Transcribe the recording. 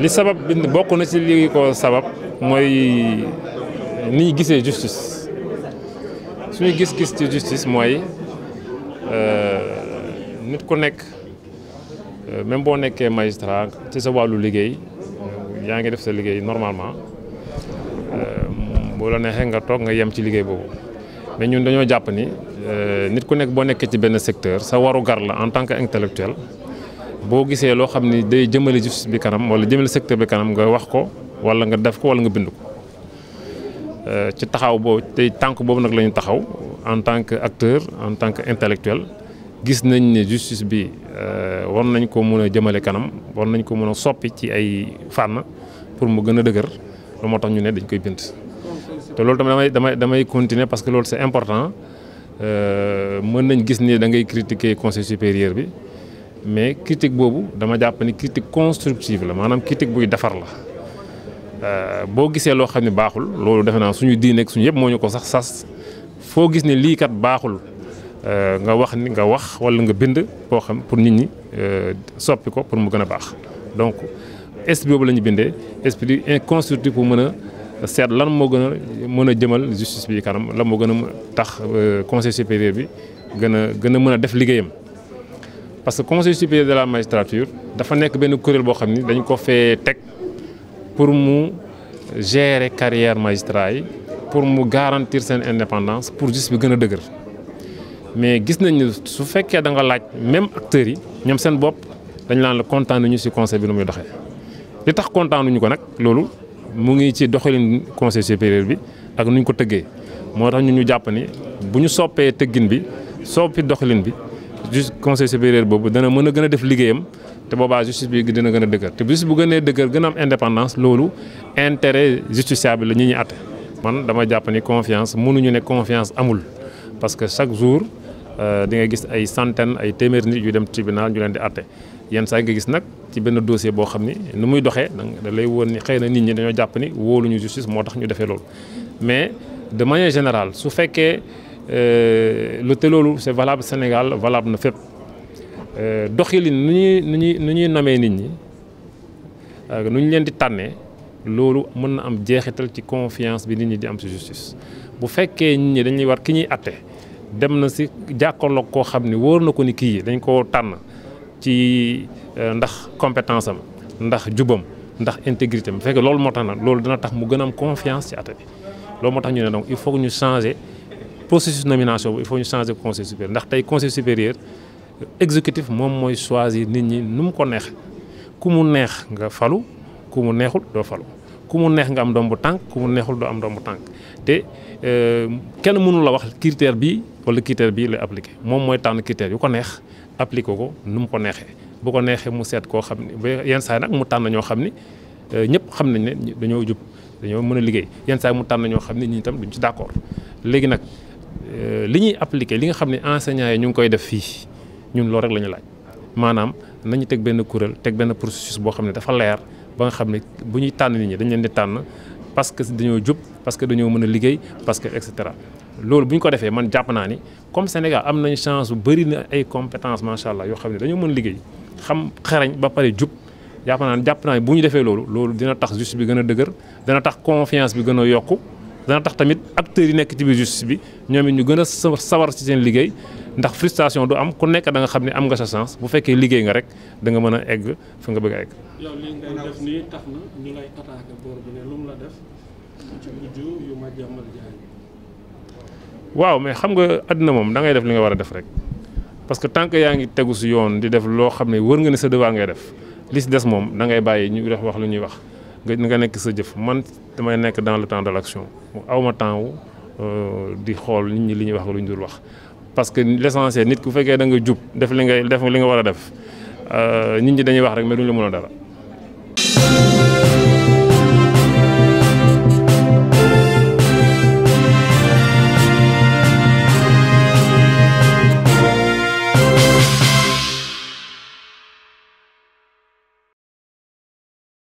li sabab bind bokk na ci lii ko sabab mooy ni gisee justice suñu gis-gis ci justice mooy euh, nit ku nekk euh, même boo nekkee magistrat ci sa wàllu liggéey yaa ngi def sa liggéey normalement euh, boo la neexee nga toog nga yem ci liggéey boobu mais ñun dañoo jàpp ni nit ku nekk boo nekkee ci benn secteur sa waru gar la en tant que intellectuel boo gisee loo xam ni day jëmale justice bi kanam wala jëmale secteur bi kanam nga wax ko wala nga def ko wala nga bind ko euh, ci taxaw boobu tey tànk boobu nag la ñu taxaw en tant que acteur en tant que intellectuel gis nañ ne justice bi euh, war nañ ko mën a jëmale kanam war nañ ko mën a soppi ci ay fànn pour mu gën a dëgër lu moo tax ñu ne dañ koy bind te loolu tamit damay damay damay continuer parce que loolu c'est important euh, mën nañ gis nii da ngay critiquer conseil supérieur bi mais critique boobu dama jàpp ni critique constructive la maanaam critique buy defar la euh, boo gisee loo xam ne baaxul loolu defe naa suñu diine ak suñu yëpp moo ñu ko sax sas foo gis ne lii kat baaxul euh, nga wax ni nga wax walla nga bind boo xam pour nit ñi euh, soppi ko pour mu gën a baax donc esprit boobu la ñu bindee esprit constructif pour mën a seet lan moo gën a mën a jëmal justice bi kanam lan moo gën a tax conseil supérieur bi gën a gën a mën a def liggéeyam. parce que conseil supérieur de la magistrature dafa nekk benn kuréel boo xam ni dañ ko fee teg pour mu gérer carrière magistrat yi pour mu garantir seen indépendance pour justice bi gën a dëgër mais gis nañ su fekkee da nga laaj même acteurs yi ñoom seen bopp dañ laan la ñu ci conseil bi nu muy doxee li tax kontaanuñu ko nag loolu mu ngi ci doxalin conseil supérieur bi ak nuñ ko tëggee moo tax ñu ñu jàpp ni bu ñu soppee tëggin bi soppi doxalin bi. juste conseil supérieur boobu dana mën a gën a def liggéeyam te boobaa justice bi dina gën a dëgër te justice bu gënee dëgër gën a am indépendance loolu intérêt justiciable la ñu ñuy àtte man dama jàpp ni confiance mënuñu ne confiance amul parce que chaque jour euh, di nga gis ay centaines ay téeméeri nit yu dem tribunal ñu leen di àtte yenn saa ngi gis nag ci benn dossier boo xam ni nu muy doxee da lay woon ni xëy na nit ñi dañoo jàpp ni wóoluñu justice moo tax ñu defee loolu mais Euh, lu te loolu c'est valable Sénégal valable na fépp euh, doxalin nu ñuy nu ñuy nu ñuy nomee nit ñi nu ñu leen di tànnee loolu mën na am jeexital ci confiance bi nit ñi di am ci justice bu fekkee nit ñi dañuy war ki ñuy atte dem na si jàkkaarloog koo xam ne wóor na ko ni kii dañ koo tànn ci euh, ndax compétence am ndax jubam ndax intégrité am bu fekkee loolu moo tax nag loolu dana tax mu gën am confiance ci atte bi loolu moo tax ñu ne donc il faut que ñu changer processus nomination bu il faut ñu changer conseil supérieur ndax tey conseil supérieur exécutif moom mooy choisir nit ñi nu mu ko neex ku mu neex nga falu ku mu neexul doo falu ku mu neex nga am doom ndombu tànk ku mu neexul doo am doom ndombu tànk te euh, kenn mënu la wax critère bi wala critère bii lay appliqué moom mooy tànn critère yu ko neex appliqué ko nu mu ko neexee bu ko neexee mu seet koo xam ne ba yenn saa nag mu tànn ñoo xam ni euh, ñëpp xam nañ ne dañoo jub dañoo mën a liggéey yenn saa mu tànn ñoo xam ne ñi duñ ci d'accord léegi nag Euh, li ñuy appliquer li nga xam ne enseignants yi ñu ngi koy def fii ñun loolu rek la ñu laaj maanaam nañu teg benn kuréel teg benn processus boo xam ne dafa leer ba nga xam ne bu ñuy tànn nit ñi dañ leen di tànn parce que dañoo jub parce que dañoo mën a liggéey parce que et cetera. loolu bu ñu ko defee man jàpp naa ni comme Sénégal am nañ chance bu bëri na ay compétence macha allah yoo xam ne dañoo mën liggéey xam xarañ ba pare jub jàpp naa jàpp naa bu ñu defee loolu loolu dina tax justice bi gën a dëgër dina tax confiance bi gën a yokku dana tax tamit acteurs yi nekk ci biir justice bi ñoom ñu gën a sawar si seen liggéey ndax frustration du am ku nekk da nga xam ne am nga sa chance bu fekkee liggéey nga rek da nga mën a egg fa nga bëgg a egg. nii waaw mais xam nga àddina moom da ngay def li nga war a def rek parce que tànk yaa ngi tegu si yoon di def loo xam ne wër nga ne sa devoir ngay def li si des moom da ngay bàyyi ñu wax lu ñuy wax. nga nekk sa jëf man damay nekk dans le temps de l'action aw ma temps wu euh, di xool nit ñi li ñuy wax lu ñu dul wax parce que l'essentiel nit ku fekkee da nga jub def li nga def li nga war a def euh, nit ñi dañuy wax rek mais duñ la mën a dara